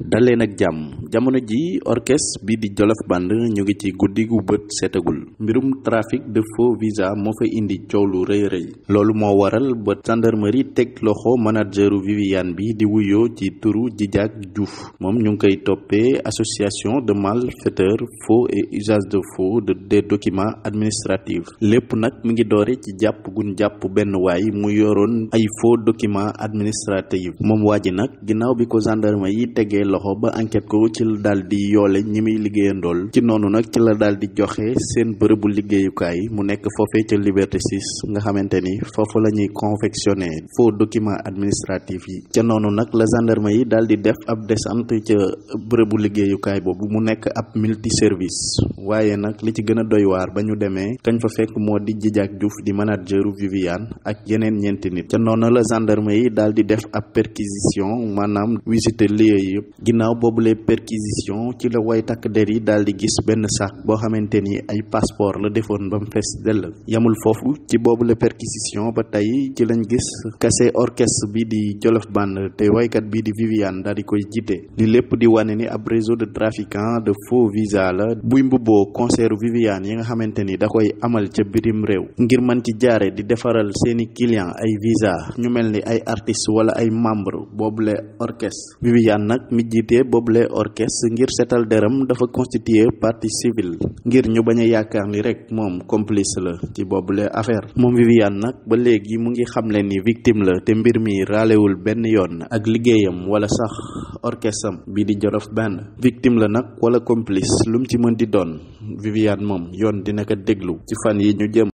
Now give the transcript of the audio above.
daleen ak jàmm jamono ji orchestre bi di Jolof Band ñu ngi ci guddi gu bët seetagul mbirum trafic de faux visa moo fa indi coow lu rëy rëy loolu moo waral ba gendarmerie teg loxo manageru Viviane bi di wuyoo ci turu Djidiack Diouf moom ñu ngi koy toppee association de malfaiteurs faux et usage de faux de des documents lépp nag mu ngi doore ci jàpp gun jàpp benn waay mu yoroon ay faux document administratifs moom waa ji nag ginnaaw bi ko gendarme loxo ba enquête ko ci la daal di yoole ñi muy liggéeyandool ci noonu nag ci la daal di joxe seen bërëbu liggéeyukaay mu nekk foofee ca Liberté 6 nga xamante ni foofu la ñuy confectionné faux document administratif yi ca noonu nag la gendarme yi daal di def ab descente ca bërëbu liggéeyukaay boobu mu nekk ab multi service waaye nag li ci gën a doy ba ñu demee kañ fa fekk moo di Djidiack juuf di manageru Viviane ak yeneen ñeenti nit ca noonu la gendarme yi daal di def ab perquisition ginnaaw boobu la perquisitions ci la way takk der yi daal di gis benn sac boo xamante ni ay passeport la defoon ba mu fees dell yamul foofu ci boobu la perquisition ba tey ci lañ gis kase orchestre bii di Jolof Band te waykat bii di Viviane daal di koy jiite li lépp di wane ni ab réseau de trafiquants de faux visa la buy mbubboo concert Viviane yi nga xamante ni da koy amal ca birim réew ngir mën ci jaaree di defaral seeni client ay visa ñu mel ni ay artistes wala ay membre boobule mi jiite boobule orchestre ngir seetal deram dafa constituer partie civile ngir ñu bañ a yaakaar ni rek moom complice la ci boobule affaire moom Viviane nag ba léegi mu ngi xamle ni victime la te mbir mi raalewul benn yoon ak liggéeyam wala sax orchestre bi di Jolof Band victime la nag wala complice lu ci mën di doon Viviane moom yoon dina déglu ci fan yi ñu jëm.